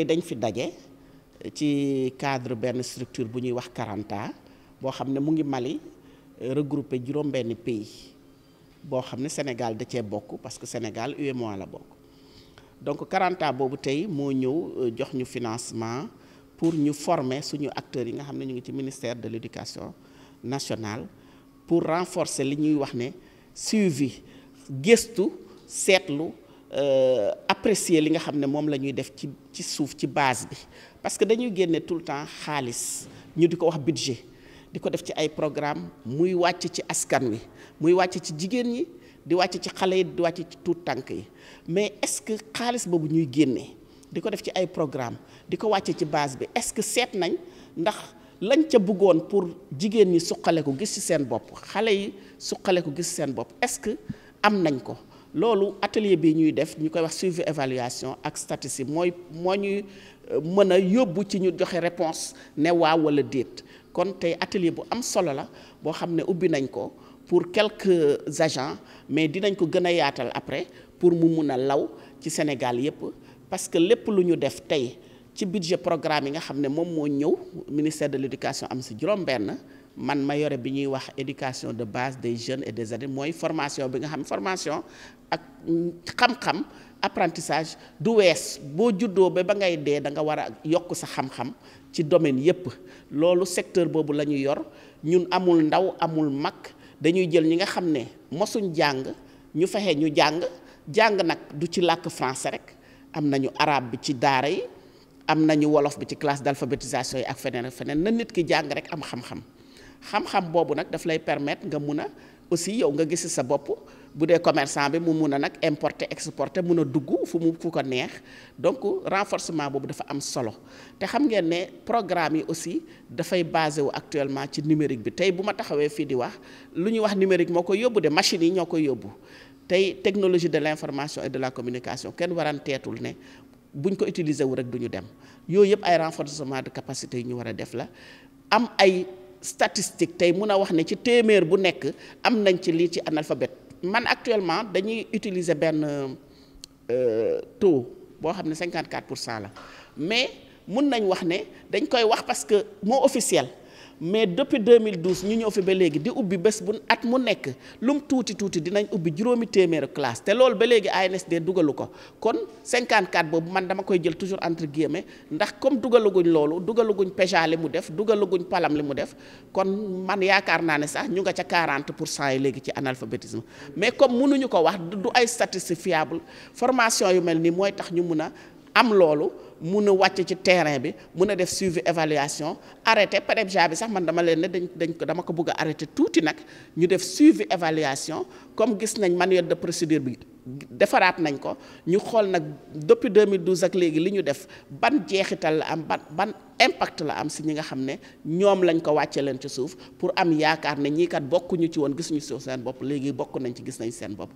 tey dañ fi daje ci cadre benn structure bu ñuy wax Karanta boo xam ne mu ngi Mali euh, regroupé juróom-benn pays boo xam ne Sénégal da cee bokk parce que Sénégal UEMOA la bokk donc Karanta boobu tey moo ñëw euh, jox ñu financement pour ñu former suñu acteurs yi nga xam ne ñu ngi ci ministère de l'éducation nationale pour renforcer li ñuy wax ne suivi gëstu seetlu Euh, apprécier li nga xam ne moom la ñuy def ci ci suuf ci base bi parce que dañuy génne tout le temps xaalis ñu di ko wax budget di ko def ci ay programme muy wàcc ci askan wi muy wàcc ci jigéen ñi di wàcc ci xale yi di wàcc ci tuut tànk yi mais est-ce que xaalis boobu ñuy génnee di ko def ci ay programme di ko wàcc ci base bi est-ce que seet nañ ndax lañ ca bëggoon pour jigéen ñi suqale ko gis ci seen bopp xale yi suqale ko gis ci seen bopp est-ce que am nañ ko loolu atelier bi ñuy def ñu koy wax suivi évaluation ak statistique mooy moo ñuy euh, mën a yóbbu ci ñu joxe réponse ne waaw wala déet kon tey atelier bu am solo la boo xam ne ubbi nañ ko pour quelque agent mais dinañ ko gën a yaatal après pour mu mun a law ci Sénégal yépp parce que lépp lu ñu def tey ci budget programme yi nga xam ne moom moo ñëw ministère de l'éducation am si juróom-benn man ma yore bi ñuy wax éducation de base des jeunes et des adultes mooy formation bi nga xam formation ak xam-xam apprentissage du wees boo juddoo ba ba ngay dee da nga war a yokk sa xam-xam ci domaine yépp loolu secteur boobu la ñu yor ñun amul ndaw amul mag dañuy jël ñi nga xam ne mosuñ jàng ñu fexe ñu jàng jàng nag du ci làkk français rek am nañu arabe bi ci daara yi am nañu wolof bi ci classe d'alphabétisation yi ak feneen ak feneen na nit ki jàng rek am xam xam-xam boobu nag daf lay permettre nga mun a aussi yow nga gis sa bopp bu dee commerçant bi mu mun a nag importer exporter mun a dugg fu mu fu ko neex donc renforcement boobu dafa am solo te xam ngeen ne programme yi aussi dafay basé wu actuellement ci numérique bi tey bu ma taxawee fii di wax lu ñuy wax numérique moo koy yóbbu de machines yi ñoo koy yóbbu tey technologie de l'information et de la communication kenn teetul ne buñ ko utiliser wu rek du ñu dem yooyu yëpp ay renforcement de capacité yi ñu war a def la am ay. statistique tey mun a wax ne ci téeméer bu nekk am nañ ci lii ci analphabète man actuellement dañuy utiliser benn euh, taux boo xam ne cinquante 54 pour cent la mais mun nañ wax ne dañ koy wax parce que moo officiel. mais depuis 2012 ñu ñëw fi ba léegi di ubbi bés bu at mu nekk lum tuuti tuuti dinañ ubbi juróomi téeméeru classe te lool ba léegi ANSD dugalu ko kon 54 boobu man dama koy jël toujours entre guillemets ndax comme dugaluguñ loolu dugaluguñ PEJA li mu def dugaluguñ PALAM li mu def kon man yaakaar naa ne sax ñu nga ca quarante pour cent yi léegi ci analphabétisme mais comme mënuñu ko wax du ay statistiques fiables formation yu mel nii mooy tax ñu mun a. am loolu mun a wàcc ci terrain bi mun a def suivi évaluation arrêté PDEPGA bi sax man dama leen ne dañ dañ ko dama ko bëgg a arrêté tuuti nag ñu def suivi évaluation comme gis nañ manuel de procédure bi defaraat nañ ko ñu xool nag depuis 2012 ak léegi li ñu def ban jeexital la am ban ban impact la am si ñi nga xam ne ñoom lañ ko wàcce leen ci suuf pour am yaakaar ne ñii kat bokkuñu ci woon gisuñu si seen bopp léegi bokk nañ ci gis nañ seen bopp.